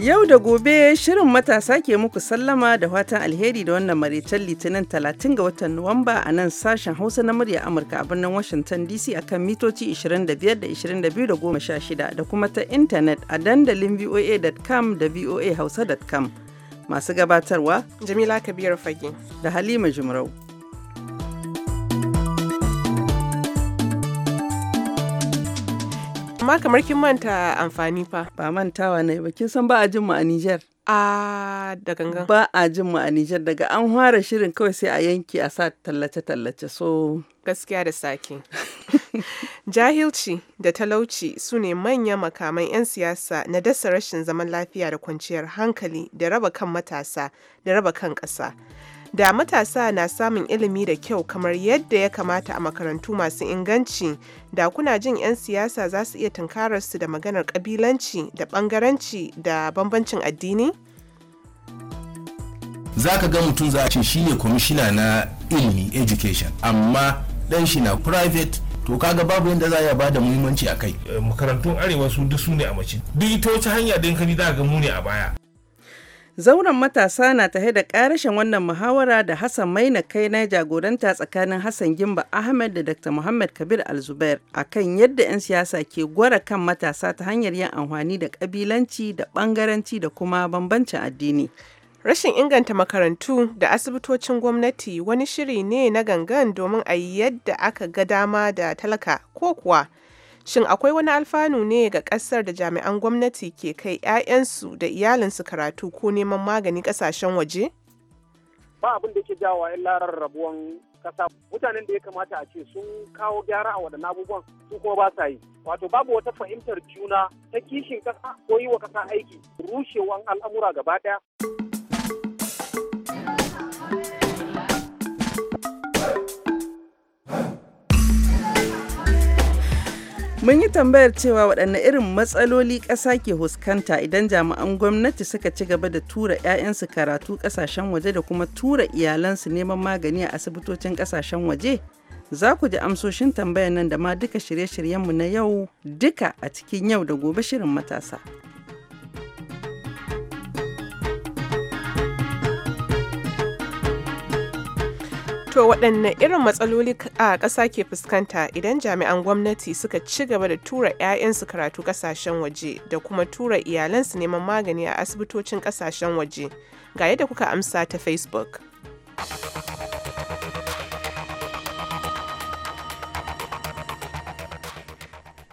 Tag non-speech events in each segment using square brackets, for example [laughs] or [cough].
Yau da gobe shirin matasa ke muku sallama da fatan alheri da wannan maraitar litinin 30 ga watan Nuwamba a nan sashen Hausa na murya Amurka a birnin Washington DC akan mitoci 25 da 22 da 16 da kuma ta intanet a dandalin voa.com da voahausa.com. Masu gabatarwa Jamila Kabiru Fage da Halima Jumrau. amma kamar kin manta amfani fa. Ba mantawa ne ba kin san ba a jin mu a Nijar. A da gangan. Ba a jin mu a Nijar daga an fara shirin kawai sai a yanki a sa tallace-tallace so. Gaskiya da sake. [laughs] Jahilci da talauci su ne manyan makaman 'yan siyasa na dasa rashin zaman lafiya da kwanciyar hankali da raba kan matasa da raba kan ƙasa. da matasa na samun ilimi da kyau kamar yadda ya kamata a makarantu masu inganci da kuna jin 'yan siyasa za su iya tunkararsu da maganar kabilanci da bangaranci da bambancin addini? za ka ga mutum za a ce ne kwamishina na ilimi education amma dan shi na private to kaga babu yadda za a yi bada muhimmanci a kai makarantun arewa su duk su ne a mace duk ita wata hanya da ka bi za ga mu ne a baya Zauren matasa na tahe da karashin wannan muhawara da Hassan Maina kai na jagoranta tsakanin Hassan Gimba Ahmed da Dr. Muhammad Kabir Alzubair a kan yadda 'yan siyasa ke gwara kan matasa ta hanyar yin amfani da kabilanci da bangaranci da kuma bambancin addini. Rashin inganta makarantu da asibitocin gwamnati wani shiri ne na gangan domin a yi yadda aka ga dama da talaka ko kuwa Shin akwai wani alfanu ne ga ƙasar da jami'an gwamnati ke kai 'ya'yansu da iyalinsu karatu ko neman magani ƙasashen waje? Ba abin da ke jawa yan larar rabuwan ƙasa. Mutanen da ya kamata a ce sun kawo gyara a waɗannan abubuwan su kuma ba sa yi. Wato babu wata fahimtar juna ta kishin ƙasa ko yi wa ƙasa aiki rushewan al'amura gaba ɗaya. Mun yi tambayar cewa waɗanne irin matsaloli ƙasa ke huskanta idan jami'an gwamnati suka ci gaba da tura 'ya'yansu karatu ƙasashen waje da kuma tura iyalansu neman magani a asibitocin ƙasashen waje? Za ku ji amsoshin tambayar nan da ma duka shirye-shiryenmu na yau duka a cikin yau da gobe shirin matasa. To waɗanne irin matsaloli a ƙasa ke fuskanta idan jami'an gwamnati suka ci gaba da tura 'ya'yansu karatu ƙasashen waje da kuma tura iyalansu neman magani a asibitocin ƙasashen waje. Ga yadda kuka amsa ta Facebook.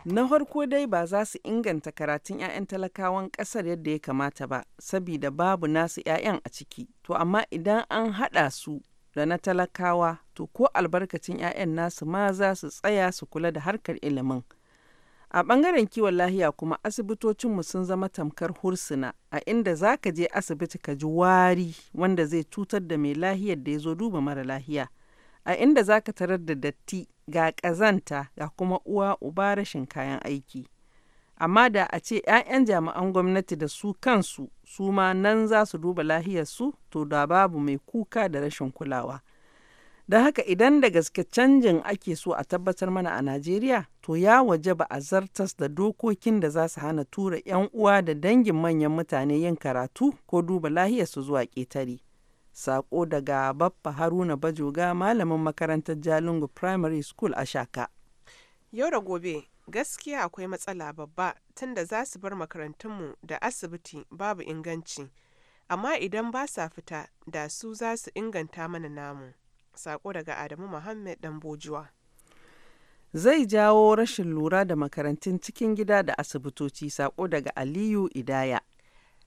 Na farko dai ba za su inganta karatun 'ya'yan talakawan ƙasar yadda ya kamata ba, sabida babu nasu 'ya'yan a ciki. To amma idan an haɗa su da na talakawa to ko albarkacin 'ya'yan nasu ma za su tsaya su kula da harkar ilimin. A ɓangaren kiwon lahiya kuma asibitocinmu sun zama tamkar hursuna a inda za ka je asibiti ka ji wari wanda zai cutar da mai lahiyar da ya zo duba mara lahiya. A inda za ka tarar da datti ga ƙazanta ga kuma uwa uba rashin kayan aiki. amma da a ce 'ya'yan jami'an gwamnati da su kansu su ma nan za su duba lahiyarsu to da babu mai kuka da rashin kulawa da haka idan da gaske canjin ake so a tabbatar mana a najeriya to ya waje ba a zartas da dokokin da za su hana tura 'yan uwa da dangin manyan mutane yin karatu ko duba lahiyarsu zuwa ƙetare sako daga baffa haruna bajoga malamin makarantar jalingo primary school a shaka yau da gobe gaskiya akwai matsala babba tunda za su bar makarantunmu da asibiti babu inganci amma idan ba sa fita da su za su inganta mana namu sako daga adamu muhammed dan bojuwa zai jawo rashin lura da makarantun cikin gida da asibitoci sako daga aliyu idaya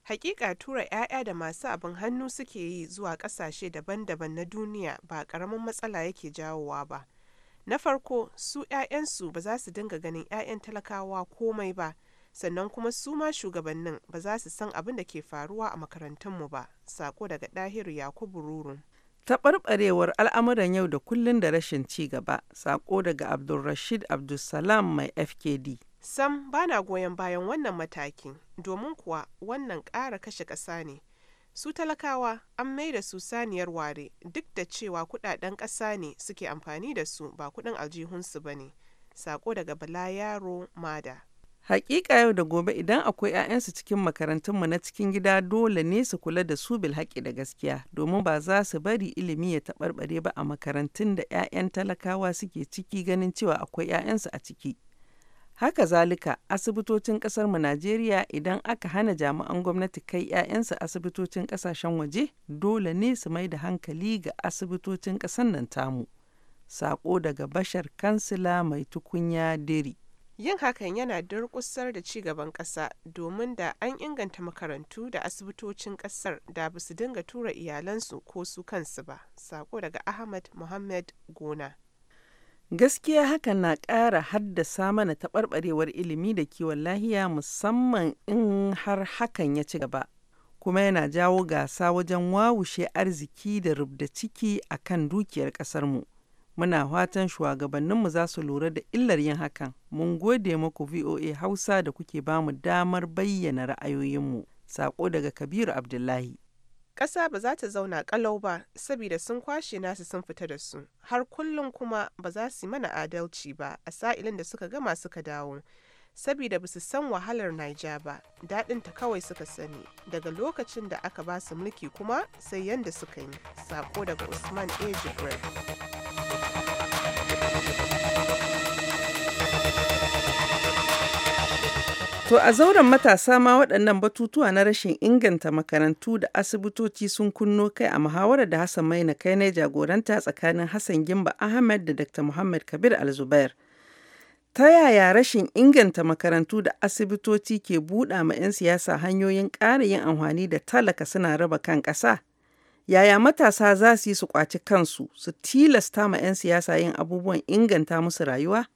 hakika tura 'ya'ya da masu abin hannu suke yi zuwa kasashe daban-daban na duniya ba ƙaramin matsala yake jawowa ba na farko su 'ya'yansu ba za su dinga ganin 'ya'yan talakawa komai ba sannan kuma su ma shugabannin ba za su san abin da ke faruwa a makarantunmu ba sako daga ɗahiru yakubu rurun taɓarɓarewar al'amuran yau da kullun da rashin ci gaba sako daga abdulrashid abdulsalam mai fkd sam bana goyon bayan wannan mataki domin kuwa wannan ƙara kashe ƙasa ne su talakawa an maida su saniyar ware duk da cewa kudaden ƙasa ne suke amfani da su ba kudin aljihunsu ba ne sako daga bala yaro mada Hakika yau da gobe idan akwai 'ya'yansu cikin makarantunmu na cikin gida dole ne su kula da su bil haƙi da gaskiya domin ba za su bari ilimi ya taɓarɓare ba a makarantun da 'ya'yan talakawa suke ciki ganin cewa akwai 'ya'yansu a ciki. Haka zalika, asibitocin mu Najeriya idan aka hana jami'an gwamnati kai 'ya'yansu asibitocin kasashen waje, dole ne su mai da hankali ga asibitocin ƙasar nan tamu. Sako daga Bashar Kansila mai tukunya Diri. Yin hakan yana durƙusar da ci gaban ƙasa domin da an inganta makarantu da asibitocin ƙasar da ba su dinga tura iyalansu ko su kansu ba. Sako daga Ahmad Muhammad Gona. Gaskiya hakan na ƙara haddasa mana taɓarɓarewar ilimi da kiwon lahiya musamman in har hakan ya ci gaba. Kuma yana jawo gasa wajen wawushe arziki da rubda ciki a kan dukiyar ƙasarmu. Muna fatan shugabanninmu za su lura da illar yin hakan. Mun gode muku VOA Hausa da kuke bamu damar bayyana ra'ayoyinmu. Sako daga Kabiru Abdullahi. ƙasa ba za ta zauna ƙalau ba saboda sun kwashe nasu sun fita da su har kullum kuma ba za su mana adalci ba a sa'ilin da suka gama suka dawo saboda ba su san wahalar Naija ba daɗin ta kawai suka sani daga lokacin da aka ba su mulki kuma sai yanda suka yi sako daga Usman A. Jibril. To a zauren matasa ma waɗannan batutuwa na rashin inganta makarantu da asibitoci sun kunno kai a muhawarar da Hassan Maina kai na jagoranta tsakanin Hassan Gimba Ahmed da Dr. Muhammad Kabir Alzubair. Ta yaya rashin inganta makarantu da asibitoci ke buɗa ma 'yan siyasa hanyoyin ƙara yin amfani da talaka suna raba kan ƙasa? Yaya matasa za su yi su ƙwaci kansu su tilasta ma 'yan siyasa yin abubuwan inganta musu rayuwa?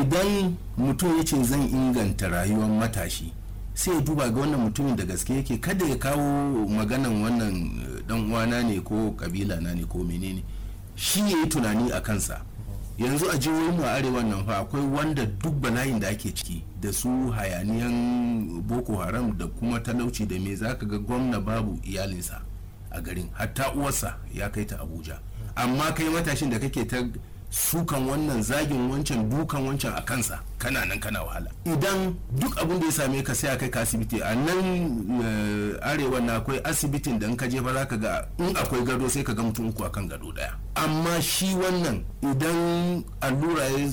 idan mutum ya ce zan inganta rayuwar matashi sai ya duba ga wannan mutumin da gaske yake kada ya kawo maganan wannan eh, dan uwana ne ko kabila na ne ko menene shi ya yi tunani a kansa yanzu a jihohin mu arewa nan fa akwai wanda duk bala'in da ake ciki da su hayaniyan boko haram da kuma talauci da me zaka ga gwamna babu iyalinsa a garin hatta uwarsa ya kai ta abuja amma kai matashin da kake ta sukan wannan zagin wancan dukan wancan a kansa kana nan kana wahala idan duk abin da ya same ka sai a kai ka asibiti a nan eh, arewa na akwai asibitin da in ka je ba za ka ga in akwai gado sai ka ga mutum uku akan gado daya amma shi wannan idan allura ya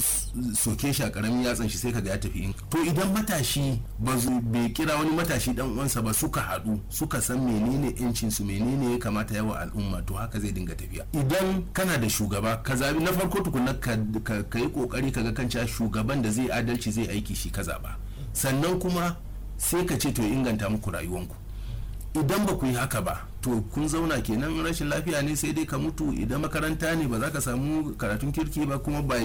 soke shi a karamin yatsan shi sai ka ga ya tafi in to idan matashi ba bai kira wani matashi dan uwansa ba suka haɗu suka san menene yancin su menene ya kamata yawa al'umma to haka zai dinga tafiya idan kana da shugaba ka zabi na farko tukunna ka yi kokari ka ga kan shugaban da zai adalci zai aiki shi kaza ba sannan kuma sai ka ce to inganta muku rayuwanku idan ba ku yi haka ba to kun zauna kenan rashin lafiya ne sai dai ka mutu idan makaranta ne ba za ka samu karatun kirki ba kuma ba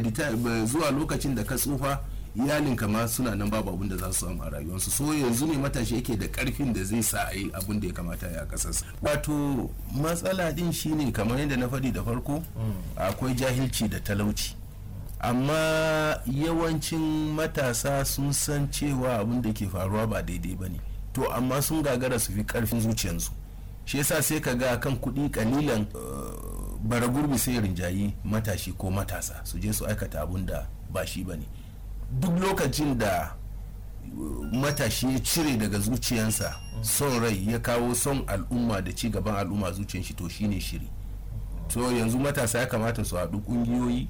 zuwa lokacin da ka tsufa iyalin ma suna nan babu abin da za su samu a rayuwarsu so yanzu ne matashi yake da karfin da zai sa a yi abin da ya kamata ya kasarsa wato matsala din shine kamar yadda na faɗi da farko mm. akwai jahilci da talauci amma yawancin matasa sun san cewa abin da ke faruwa ba daidai ba ne to amma sun gagara su fi karfin zuciyarsu shi yasa sai ka ga kan kuɗi kalilan eh, bara gurbi sai rinjayi matashi ko matasa su je su aikata abin da ba shi ba ne duk lokacin da eh, matashi ya cire daga zuciyansa son rai ya kawo son al'umma da ci gaban al'umma zuciyar shi to shine shiri to yanzu matasa ya kamata su haɗu ƙungiyoyi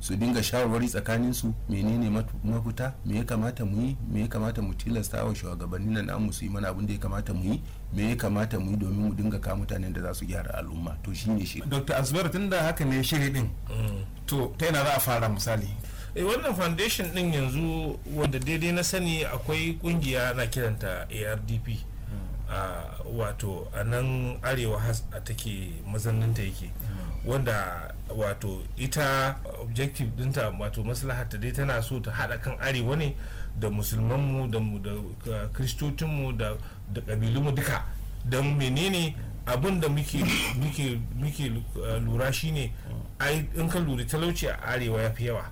su dinga shawarwari tsakanin su menene mafita me ya kamata mu yi me ya kamata mu tilasta wa shugabannin nan namu su yi mana abin da ya kamata mu yi me ya kamata mu yi domin mu dinga kawo mutanen da za su gyara al'umma to shine shi Dr. tun da haka ne shiri din to ta yana za a fara misali e wannan foundation din yanzu wanda daidai na sani akwai kungiya na kiranta ARDP hmm. ah, wato a nan arewa take ta yake mm. wanda wato ita objective dinta wato ta dai tana so ta hada kan arewa ne da musulmanmu da mu da mu duka don menene abin da muke uh, lura shine in ka lura talauci a arewa ya fi yawa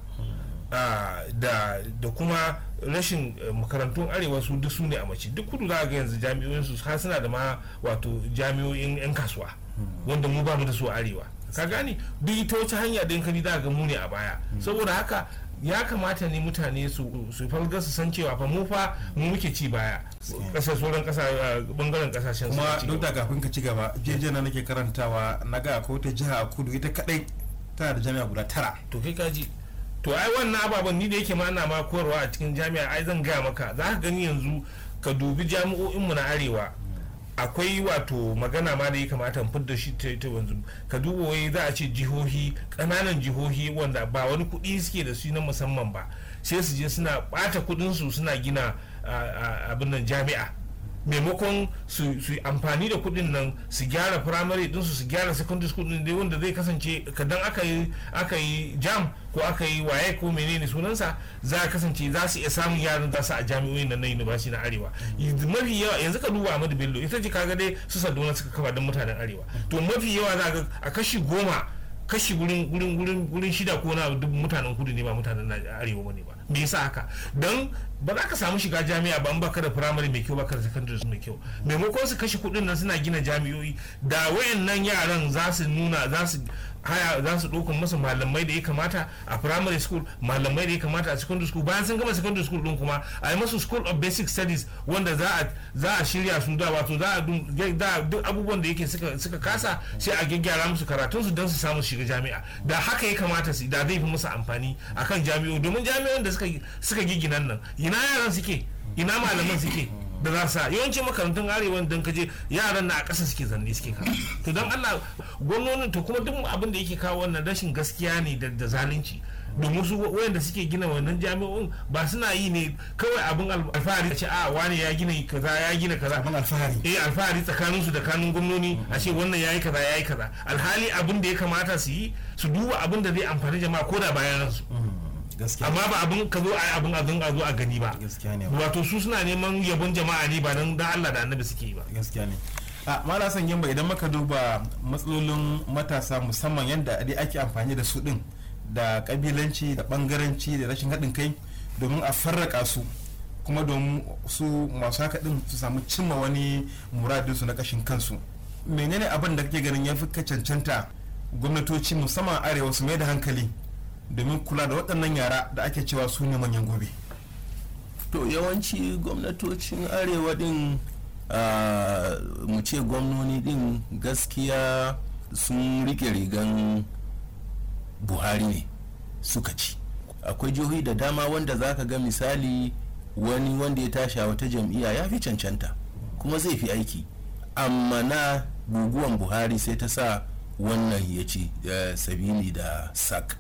ah, da kuma rashin eh, makarantun arewa su duk su ne a mace duk kudu za ga yanzu jami'o'insu har suna da ma wato jami'o'in 'yan kasuwa wanda mu ba mu da su a arewa ka gani duk ita wace hanya da kani da ga mu ne a baya saboda haka ya kamata ne mutane su su falga su san cewa fa mu fa mu muke ci baya kasar sauran kasa bangaren kasashen kuma duk da kafin ka ci gaba jeje na nake karantawa na ga ko ta jiha a kudu ita kadai tana da jami'a guda tara to kai kaji to ai wannan ababen ni da yake ma ana ma koyarwa a cikin jami'a ai zan gaya maka za ka gani yanzu ka dubi jami'o'in mu na arewa akwai wato magana ma da ya kamata mu da shi ta yanzu ka duba wai za a ce jihohi kananan jihohi wanda ba wani kuɗi suke da su na musamman ba sai su je suna ɓata kuɗin su suna gina abin nan jami'a maimakon su amfani da kuɗin nan su gyara primary din su gyara secondary school din wanda zai kasance kadan aka yi aka yi jam ko aka yi waye ko menene sunansa za a kasance za su iya samun yaran za su a jami'o'in nan na university na arewa mafi yawa yanzu ka duba Ahmadu Bello ita ce kaga dai su Sadona suka kafa don mutanen arewa to mafi yawa za ga a kashi goma kashi gurin gurin gurin shida ko na mutanen kudu ne ba mutanen arewa ne ba me yasa haka don ba za ka samu shiga jami'a ba baka da firamare mai kyau baka da secondary mai kyau maimakon su kashe kudin nan suna gina jami'o'i da nan yaran za su nuna za su haya za su dokun masa malamai da ya kamata a primary school malamai da ya kamata a secondary school bayan sun gama secondary school din kuma a yi masu school of basic studies wanda za a shirya su da wato za a duk abubuwan da yake suka kasa sai a gyaggyara musu karatun su don su samu shiga jami'a da haka ya kamata su da zai fi musu amfani akan jami'o domin jami'o da suka gigi nan nan ina yaran suke ina malaman suke da za sa yawancin makarantun arewa don kaje yaran na a ƙasa suke zanne suke kawo to don allah gwamnonin to kuma duk abin da yake kawo wannan rashin gaskiya ne da zalunci domin su wayanda suke gina wannan jami'un ba suna yi ne kawai abin alfahari ce a ah, wani ya gina kaza ya gina kaza abin alfahari eh alfahari tsakanin su da kanun gwamnoni a ce wannan yayi kaza yayi kaza alhali abin da ya kamata su yi su duba abin da zai amfani jama'a ko da bayan su amma ba abin ka zo a abin abin a zo a gani ba gaskiya ne wato su suna neman yabon jama'a ne ba dan dan Allah da annabi suke ba gaskiya ne a mala san yamba idan muka duba matsalolin matasa musamman yanda dai ake amfani da su din da kabilanci da bangaranci da rashin haɗin kai domin a farraka su kuma domin su masu haka din su samu cimma wani su na kashin kansu menene abin da kake ganin ya fi cancanta gwamnatoci musamman arewa su mai da hankali domin kula da waɗannan yara da ake cewa su ne manyan gobe to yawanci gwamnatocin arewa din mu ce gwamnoni din gaskiya sun rike rigan buhari ne suka ci akwai jihohi da dama wanda za ka ga misali wani wanda ya tashi a wata jam'iyya ya fi cancanta kuma zai fi aiki amma na guguwan buhari sai ta sa wannan ya ci eh, sabili da sak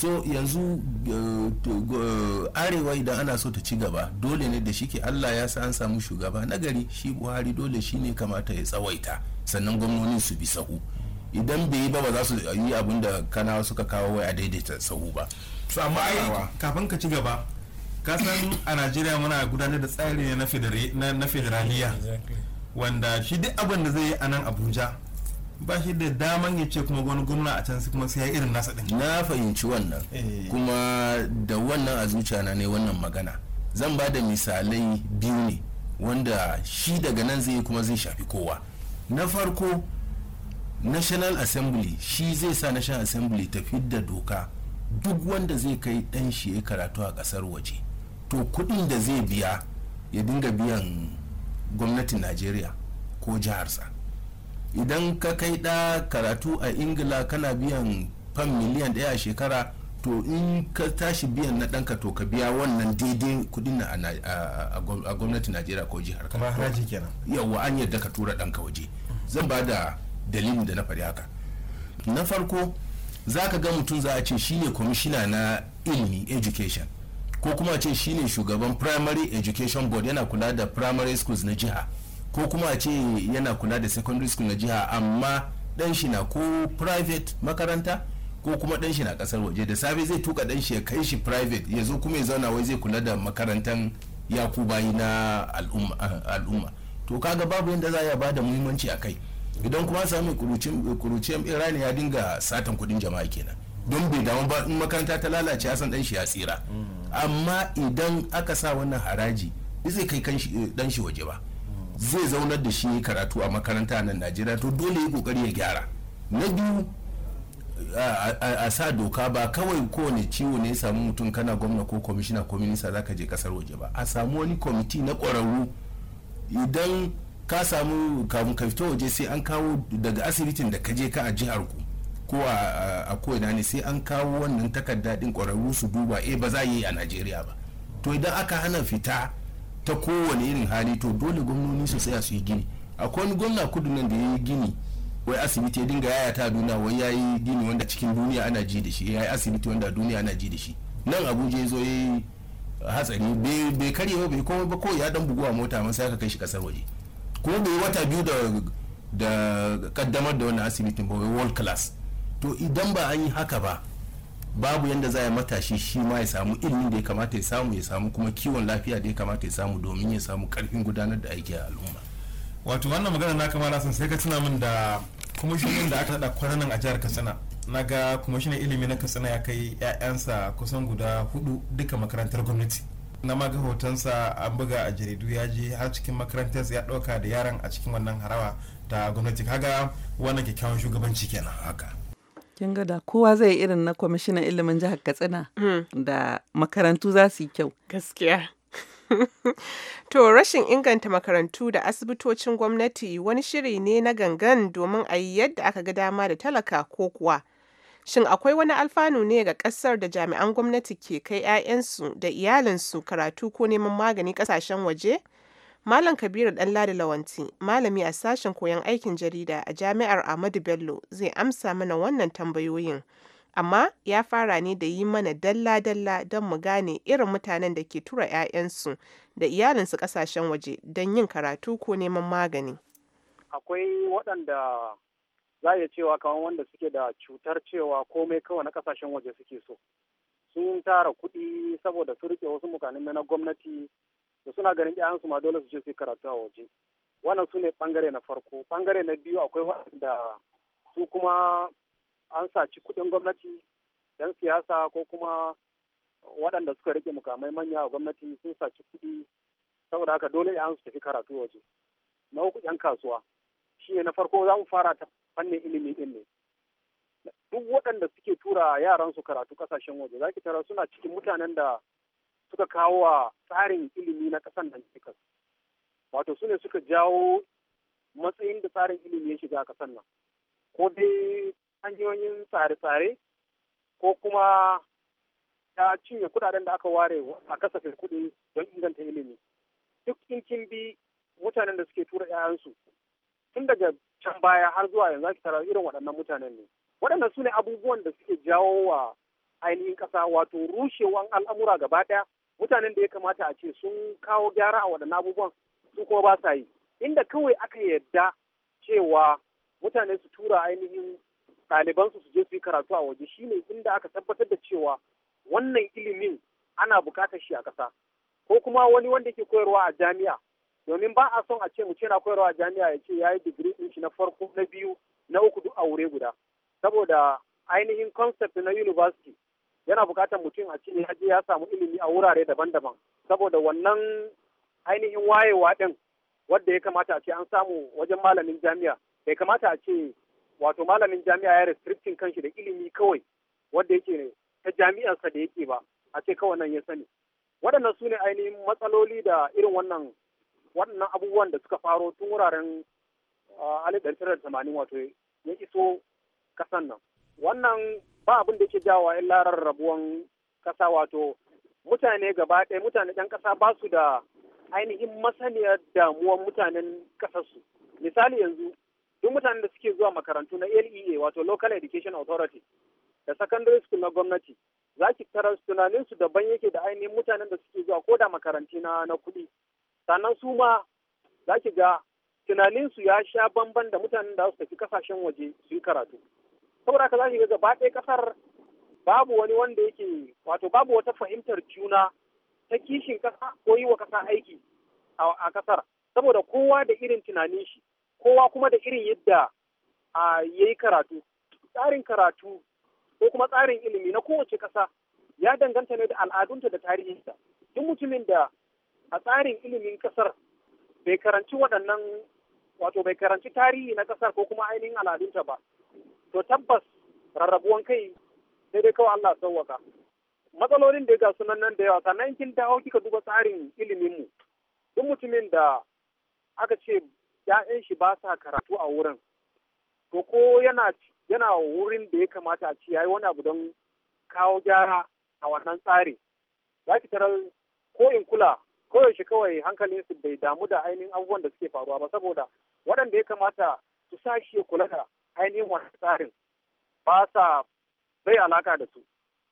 so yanzu eh, eh, arewa idan ana so ta ci gaba dole ne da shi allah ya sa an samu shugaba na gari shi buhari dole shi ne kamata ya tsawaita sannan gwamnoni su bi sahu idan bai yi ba ba za su yi abin da kana suka kawo wai a daidaita sahu ba su amma ai kafin ka ci gaba ka san a najeriya muna gudanar da tsari ne na federaliya wanda shi duk abin da zai yi a nan abuja ba shi da daman ya ce kuma wani gwamna a can kuma sai irin nasa din na fahimci wannan eh. kuma da wannan a zuciya na ne wannan magana zan ba da misalai biyu ne wanda shi daga nan zai kuma zai shafi kowa na farko national assembly shi zai sa national assembly ta da doka duk wanda zai kai dan shi ya karatu a kasar waje to kudin da zai biya ya dinga biyan gwamnatin najeriya ko jiharsa idan ka kai da karatu a ingila kana biyan fan miliyan ɗaya a shekara to in ka tashi biyan na ɗanka to ka biya wannan daidai kudin na a gwamnati najeriya ko jihar kamar haraji kenan yawwa an yadda ka tura ɗanka waje zan ba da dalilin da na faɗi haka na farko za ka ga mutum za a ce shine kwamishina na ilimi education ko kuma a ce shine shugaban primary education board yana kula da primary schools na jiha ko kuma a ce yana kula da secondary school na jiha amma dan shi na ko private makaranta ko kuma dan shi na kasar waje da safe zai tuka dan shi ya kai shi private ya zo kuma ya zauna wai zai kula da makarantan bayi na al'umma to kaga babu yadda za a ba da muhimmanci a kai idan kuma kurucin kurucin irani ya dinga satan kudin jama'a kenan don bai damu ba in makaranta ta lalace asan san dan shi ya tsira mm. amma idan aka sa wannan haraji zai kai dan shi waje ba zai zaunar da shi karatu a makaranta nan najeriya to dole ya kokari ya gyara na biyu a sa doka ba kawai kowane ciwo ne ya samu mutum kana gwamna ko kwamishina ko minista za ka je kasar waje ba a samu wani kwamiti na ƙwararru idan ka samu kafin ka fito waje sai an kawo daga asibitin da ka je ka a jihar ku ko a ko'ina ne sai an kawo wannan takarda din ƙwararru su duba eh ba za yi a najeriya ba to idan aka hana fita ta kowane irin hali to dole gwamnoni su tsaya su yi gini akwai wani gwamna kudu nan da ya yi gini wai asibiti ya dinga yaya ta duniya wai ya yi gini wanda cikin duniya ana ji da shi ya yi asibiti wanda duniya ana ji da shi nan abuja ya zo ya yi hatsari bai karye ba bai komai ba ko ya dan buguwa mota amma sai ka kai shi kasar waje kuma bai wata biyu da da kaddamar da wannan asibitin ba wai world class to idan ba an yi haka ba babu yadda za a matashi shi ma ya samu ilimin da ya kamata ya samu ya samu kuma kiwon lafiya da ya kamata ya samu domin ya samu karfin gudanar da aiki a al'umma wato wannan magana na na san sai ka tuna min da kwamishinan da aka haɗa kwananan a jihar katsina na ga kwamishinan ilimi na katsina ya kai 'ya'yansa kusan guda hudu duka makarantar gwamnati na maga hotonsa an buga a jaridu ya je har cikin makarantar ya ɗauka da yaran a cikin wannan harawa ta gwamnati kaga wannan kyakkyawan shugabanci kenan haka kin ga kowa zai irin na kwamishinan ilimin jihar katsina hmm. da makarantu za su yi kyau gaskiya [laughs] to rashin inganta makarantu da asibitocin gwamnati wani shiri ne na gangan domin a yi yadda aka ga dama da talaka ko kuwa shin akwai wani alfanu ne ga kasar da jami'an gwamnati ke kai 'ya'yansu da iyalinsu karatu ko neman magani kasashen waje Malam Kabiru Ɗanladi Lawanti, malami a sashen koyon aikin jarida a Jami'ar Ahmadu Bello zai amsa mana wannan tambayoyin, amma ya fara ne da yi mana dalla-dalla don mu gane irin mutanen da ke tura 'ya'yansu da iyalinsu kasashen waje don yin karatu ko neman magani. Akwai waɗanda za iya cewa kamar wanda suke da cutar cewa komai kawai na ƙasashen waje suke so. Sun tara kuɗi saboda su riƙe wasu mukanin na gwamnati da suna ganin ƴaƴan su ma dole su je su karatu a waje wannan su ne ɓangare na farko ɓangare na biyu akwai waɗanda su kuma an saci kuɗin gwamnati yan siyasa ko kuma waɗanda suka rike mukamai manya a gwamnati sun saci kuɗi saboda haka dole ƴaƴan su tafi karatu waje na uku ƴan kasuwa shi ne na farko za mu fara ta fannin ilimi ɗin ne duk waɗanda suke tura yaran su karatu ƙasashen waje za ki tara suna cikin mutanen da suka kawo wa tsarin ilimi na ƙasar nan wato su ne suka jawo matsayin da tsarin ilimi ya shiga ƙasar nan ko dai hanyoyin tsare-tsare ko kuma ta cinye kudaden da aka ware a kasafin kuɗi don inganta ilimi duk in kin bi mutanen da suke tura 'ya'yansu tun daga can baya har zuwa yanzu ake tara irin waɗannan mutanen ne waɗannan su ne abubuwan da suke jawo wa ainihin ƙasa wato rushewan al'amura gaba ɗaya mutanen da ya kamata a ce sun kawo gyara a waɗannan abubuwan su kuma ba sa yi inda kawai aka yarda cewa mutane su tura ainihin ɗalibansu su je su yi karatu a waje shine inda aka tabbatar da cewa wannan ilimin ana buƙatar shi a ƙasa ko kuma wani wanda ke koyarwa a jami'a domin ba a son a ce mutum yana koyarwa a jami'a ya ce ya yi digiri ɗin shi na farko na biyu na uku duk a wuri guda saboda ainihin concept na university yana bukatar mutum a ce ya je ya samu ilimi a wurare daban-daban saboda wannan ainihin wayewa ɗin wadda ya kamata a ce an samu wajen malamin jami'a bai kamata a ce wato malamin jami'a ya restrictin kanshi da ilimi kawai wadda yake ta jami'arsa da yake ba a ce kawai nan ya sani waɗannan su ne ainihin matsaloli da irin wannan waɗannan abubuwan da suka faro tun wuraren alif ɗari tamanin wato ya iso kasan nan wannan ba abin da ke jawa larar rabuwan kasa wato mutane gaba ɗaya mutane ɗan ƙasa ba su da ainihin masaniyar damuwan mutanen ƙasarsu misali yanzu duk mutanen da suke zuwa makarantu na LEA wato Local Education Authority da secondary school na gwamnati za ki tara tunaninsu daban yake da ainihin mutanen da suke zuwa ko da makaranti na na kuɗi sannan su ma za ki ga tunaninsu ya sha bamban da mutanen da su tafi kasashen waje su yi karatu saboda ka za ki ga gaba ɗaya ƙasar babu wani wanda yake wato babu wata fahimtar juna ta kishin ƙasa ko yi wa ƙasa aiki a ƙasar saboda kowa da irin tunanin shi kowa kuma da irin yadda ya yi karatu tsarin karatu ko kuma tsarin ilimi na kowace ƙasa ya danganta ne da al'adunta da tarihinta duk mutumin da a tsarin ilimin ƙasar bai karanci waɗannan wato bai karanci tarihi na ƙasar ko kuma ainihin al'adunta ba to tabbas rarrabuwan kai sai dai kawai Allah sauwaka matsalolin da ya ga sunan nan da yawa sannan kin dawo kika duba tsarin iliminmu. mu duk mutumin da aka ce ya'yan shi ba sa karatu a wurin to ko yana wurin da ya kamata a ci yi wani abu don kawo gyara a wannan tsari za ki tarar ko in kula koyaushe kawai su bai damu da ainihin abubuwan da suke faruwa ba saboda waɗanda ya kamata su sa shi ya kula da ainihin wannan tsarin ba sa bai alaka da su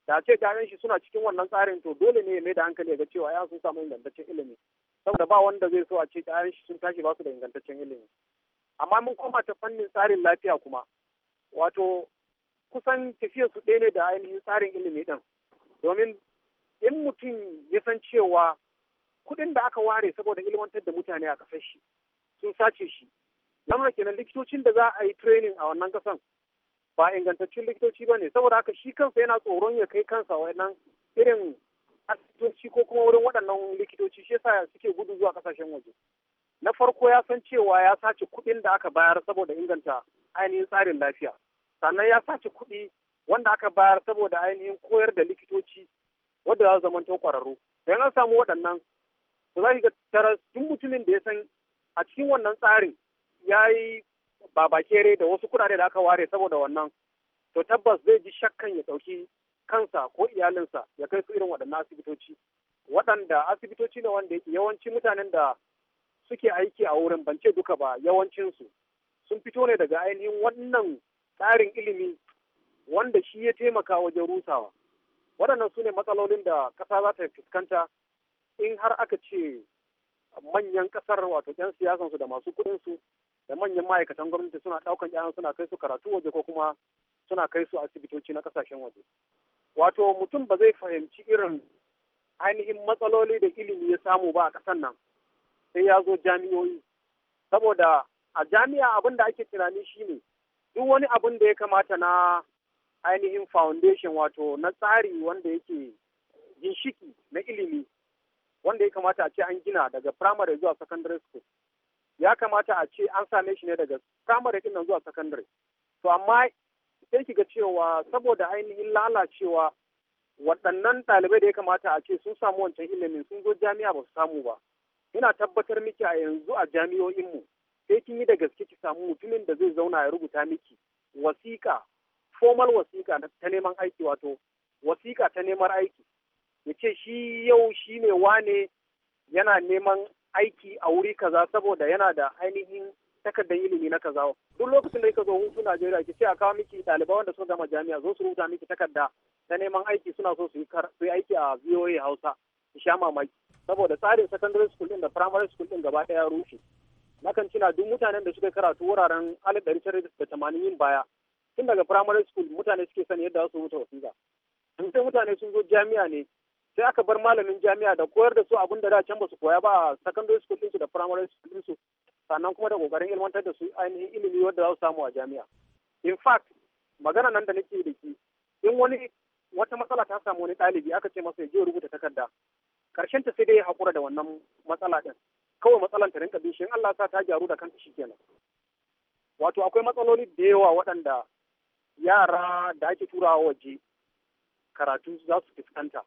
da ce kayan shi suna cikin wannan tsarin to dole ne ya mai da hankali ga cewa ya sun samu ingantaccen ilimi saboda ba wanda zai so a ce ƴaƴan shi sun tashi ba su da ingantaccen ilimi amma mun koma ta fannin tsarin lafiya kuma wato kusan tafiyar su ɗaya ne da ainihin tsarin ilimi ɗin domin in mutum ya san cewa kuɗin da aka ware saboda ilmantar da mutane a ƙasar sun sace shi lamar kenan likitocin da za a yi training a wannan kasan ba ingantaccen likitoci ba ne saboda haka shi kansa yana tsoron ya kai kansa wannan irin asibitoci ko kuma wurin waɗannan likitoci shi yasa suke gudu zuwa kasashen waje na farko ya san cewa ya sace kuɗin da aka bayar saboda inganta ainihin tsarin lafiya sannan ya sace kuɗi wanda aka bayar saboda ainihin koyar da likitoci wadda za su zamanto ƙwararru don an samu waɗannan ba za ki ga tara duk mutumin da ya san a cikin wannan tsarin ya yi babakere da wasu kuɗaɗe da aka ware saboda wannan to tabbas zai ji shakkan ya ɗauki kansa ko iyalinsa ya kai su irin waɗannan asibitoci waɗanda asibitoci ne wanda yawancin mutanen da suke aiki a wurin bance duka ba yawancinsu sun fito ne daga ainihin wannan tsarin ilimi wanda shi ya taimaka wajen rusawa waɗannan su ne matsalolin da ƙasa za ta fuskanta in har aka ce manyan ƙasar wato 'yan siyasansu da masu kuɗinsu da manyan ma'aikatan gwamnati suna ɗaukan yaran suna kai su karatu waje ko kuma suna kai su asibitoci na ƙasashen waje wato mutum ba zai fahimci irin ainihin matsaloli da ilimi ya samu ba a ƙasar nan sai ya zo jami'oyi saboda a jami'a abin da ake tunani shi ne duk wani abin da ya kamata na ainihin foundation wato na tsari wanda yake ginshiki na ilimi wanda ya kamata a ce an gina daga primary zuwa secondary school ya kamata a ce an same shi ne daga kamar din nan zuwa sakandare. to amma sai ki ga cewa saboda ainihin lalacewa waɗannan ɗalibai da ya kamata a ce sun samu wancan ilimin sun zo jami'a ba su samu ba ina tabbatar miki a yanzu a jami'o'inmu sai kin yi da gaske ki samu mutumin da zai zauna ya rubuta miki wasiƙa formal wasiƙa ta neman aiki wato wasiƙa ta neman aiki ya ce shi yau shi ne wane yana neman aiki a wuri kaza saboda yana da ainihin takardar ilimi na kaza duk lokacin da kika zo hutu Najeriya ki ce a kawo miki ɗalibai wanda suka gama jami'a zo su rubuta miki takarda na neman aiki suna so su yi aiki a VOA Hausa ki sha mamaki saboda tsarin secondary school din da primary school din gaba ɗaya rushe nakan cina duk mutanen da suka karatu wuraren alif ɗari da tamanin baya tun daga primary school mutane suke sani yadda za su rubuta wasiƙa in sai mutane sun zo jami'a ne sai aka bar malamin jami'a da koyar da su abin da da can ba su koya ba a secondary school ɗinsu da primary school ɗinsu sannan kuma da kokarin ilmantar da su ainihin ilimi wanda za su samu a jami'a in fact magana nan da nake da ke in wani wata matsala ta samu wani ɗalibi aka ce masa ya je rubuta takarda karshen ta sai dai ya haƙura da wannan matsala ɗin kawai matsalan ta rinka bishin Allah sa ta gyaru da kanta shikenan wato akwai matsaloli da yawa waɗanda yara da ake turawa waje karatu za su fuskanta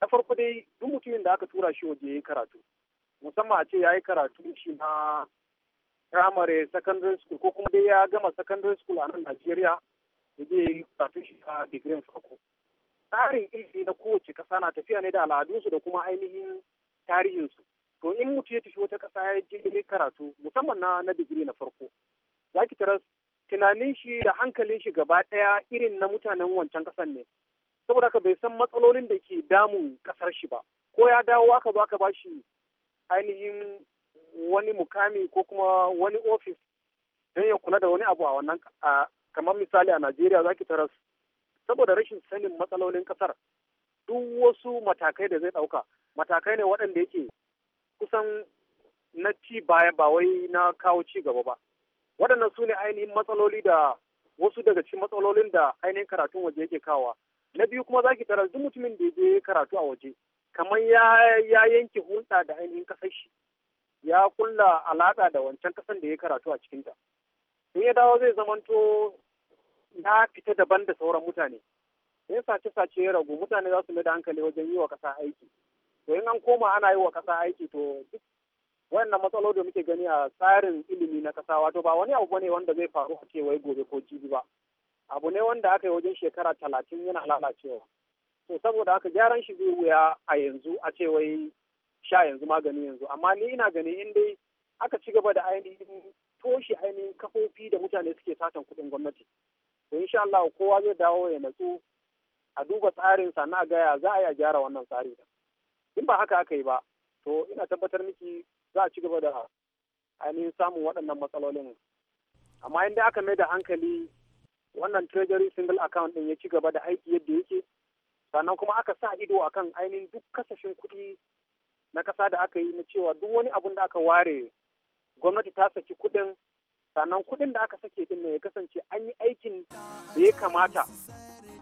na farko dai duk mutumin da aka tura shi waje ya karatu musamman a ce ya yi karatu shi na primary secondary school ko kuma dai ya gama secondary school a nan Najeriya ya je yi karatu shi a digirin farko tsarin ilimi na kowace kasa na tafiya ne da al'adunsu da kuma ainihin tarihinsu to in mutum ya tafi wata ƙasa ya je karatu musamman na na digiri na farko Zaki ki taras tunanin shi da hankalin shi gaba ɗaya irin na mutanen wancan kasan ne saboda haka bai san matsalolin da ke damun kasar shi ba ko ya dawo aka zo aka ba shi ainihin wani mukami ko kuma wani ofis don ya kula da wani abu a wannan kamar misali a Najeriya zaki taras saboda rashin sanin matsalolin kasar duk wasu matakai da zai ɗauka matakai ne waɗanda yake kusan na ci baya ba wai na kawo ci gaba ba waɗannan su ne ainihin matsaloli da wasu daga cikin matsalolin da ainihin karatun waje yake kawa na biyu kuma zaki tara duk mutumin da je karatu a waje kamar ya yanke hulɗa da ainihin kasar shi ya kulla alaƙa da wancan kasan da ya karatu a cikinta in ya dawo zai zamanto na fita daban da sauran mutane in sace-sace ya ragu mutane za su mai da hankali wajen yi wa ƙasa aiki to in an koma ana yi wa ƙasa aiki to duk wannan matsalolin da muke gani a tsarin ilimi na ƙasa wato ba wani abu bane wanda zai faru a ce wai gobe ko jibi ba abu ne wanda aka yi wajen shekara talatin yana lalacewa to saboda haka gyaran shi zai wuya a yanzu a ce wai sha yanzu magani yanzu amma ni ina gani in dai aka ci gaba da ainihin toshe ainihin kafofi da mutane suke satan kuɗin gwamnati to insha Allah kowa zai dawo ya natsu a duba tsarin sa na gaya za a iya gyara wannan tsari in ba haka aka yi ba to ina tabbatar miki za a ci gaba da ainihin samun waɗannan matsalolin amma inda aka mai da hankali wannan treasury single account din ya ci gaba da aiki yadda yake sannan kuma aka sa ido akan ainihin duk kasashen kuɗi na ƙasa da aka yi na cewa duk wani abun da aka ware gwamnati ta saki kuɗin sannan kuɗin da aka sake din ne ya kasance an yi aikin da ya kamata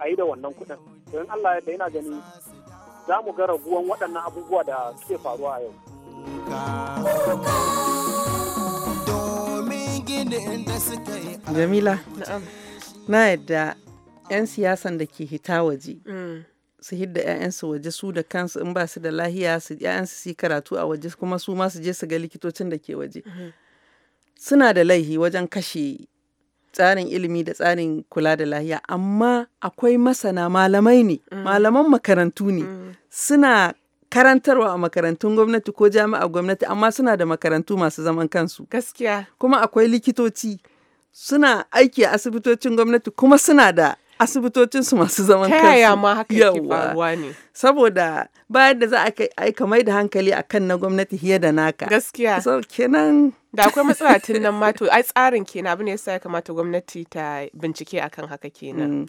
a yi da wannan kuɗin don Allah ya yana gani za mu ga raguwan waɗannan abubuwa da suke faruwa a yau. Jamila. Na'am. na yadda 'yan siyasan da ke hita waje mm. su hidda 'ya'yansu waje su da kansu in ba su da lahiya su 'ya'yansu su yi karatu a waje kuma su ma su je su ga likitocin da ke waje mm-hmm. suna da laihi wajen kashe tsarin ilimi da tsarin kula da lahiya amma akwai masana malamai ne mm. malaman makarantu ne mm. suna karantarwa a makarantun gwamnati ko jami'a gwamnati amma suna da makarantu masu zaman kansu gaskiya kuma akwai likitoci suna aiki a asibitocin gwamnati kuma suna da asibitocinsu masu zaman kansu. Ta yaya ma haka yake faruwa ne? Saboda bayan da za a aika mai da hankali a kan na gwamnati hiye da naka. Gaskiya. So kenan. Da akwai matsala tun nan ma to ai tsarin kenan abin da yasa ya kamata gwamnati ta bincike akan haka kenan. Mm.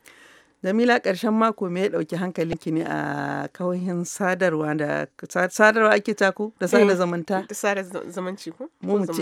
Jamila ƙarshen mako me ya ɗauki hankalinki ne a kauyen sadarwa da sadarwa ake taku da sada eh, zamanta? Da sada zamanci ko?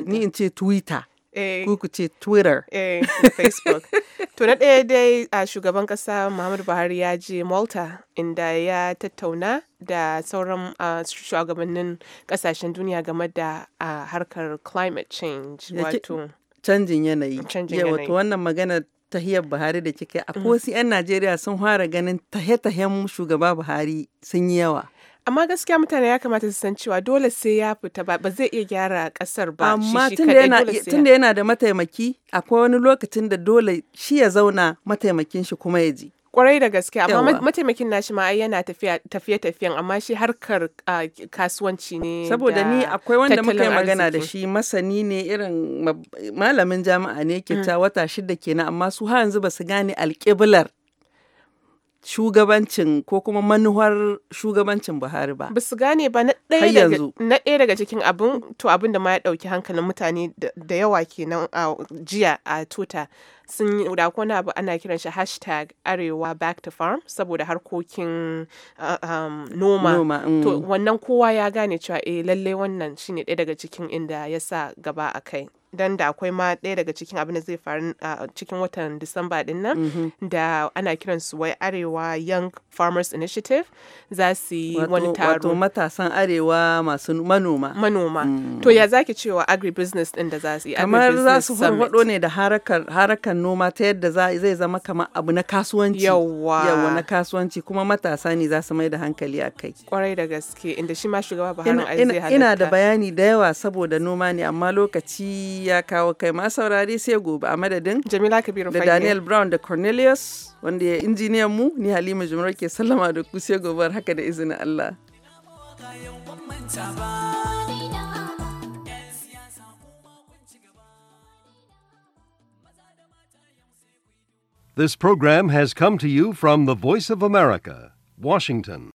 Ni in ce Twitter. Eh, ku ku twitter eh facebook [laughs] to na ɗaya dai a shugaban ƙasa muhammadu buhari ya je malta inda ya tattauna da sauran shugabannin ƙasashen duniya game da harkar climate change wato canjin yanayi wato wannan maganar tahiyar Buhari da kika a mm. wasu 'yan Najeriya sun fara ganin tahe-tahen shugaba Buhari sun yi yawa. amma gaskiya mutane ya kamata su san cewa dole sai ya fita ba zai iya gyara kasar ba amma tunda yana da mataimaki akwai wani lokacin da dole shi ya zauna mataimakin shi kuma ya ji kwarai da gaske amma mataimakin nashi ma ai yana tafiye tafiyan amma shi harkar kasuwanci ne saboda ni akwai wanda muka yi magana da shi masani ne irin malamin jami'a ne ke ta mm. wata shida kenan amma su har yanzu ba su gane alƙiblar shugabancin ko kuma manuwar shugabancin Buhari ba. Ba gane ba na ɗaya daga cikin abin to abin da ma ya ɗauki hankalin mutane da yawa kenan a jiya a tuta sun da wani abu ana kiran shi hashtag arewa back to farm saboda harkokin um, noma. Mm. To wannan kowa ya gane cewa eh lallai wannan shine ɗaya daga cikin inda ya sa gaba a kai. dan da akwai ma ɗaya daga cikin abin da zai faru a cikin watan Disamba din nan mm-hmm. da ana kiran su wai Arewa Young Farmers Initiative za su yi wani taro. Wato matasan Arewa masu manoma. Manoma. Mm. To ya zaki cewa agribusiness din da za su yi. Kamar za su farfado ne da harakar noma ta yadda zai zama kamar abu na kasuwanci. Yawwa. Yawwa na kasuwanci kuma matasa ne za su mai da hankali a kai. Kwarai da gaske inda shi ma shugaba Buhari Ina da bayani da yawa saboda noma ne amma lokaci ya kawo kai ma saurari sai gobe a madadin Jamila Kabiru da Daniel Brown da Cornelius wanda ya injiniyan mu ni Halima Jumar ke sallama da ku sai gobe haka da izinin Allah. This program has come to you from the Voice of America, Washington.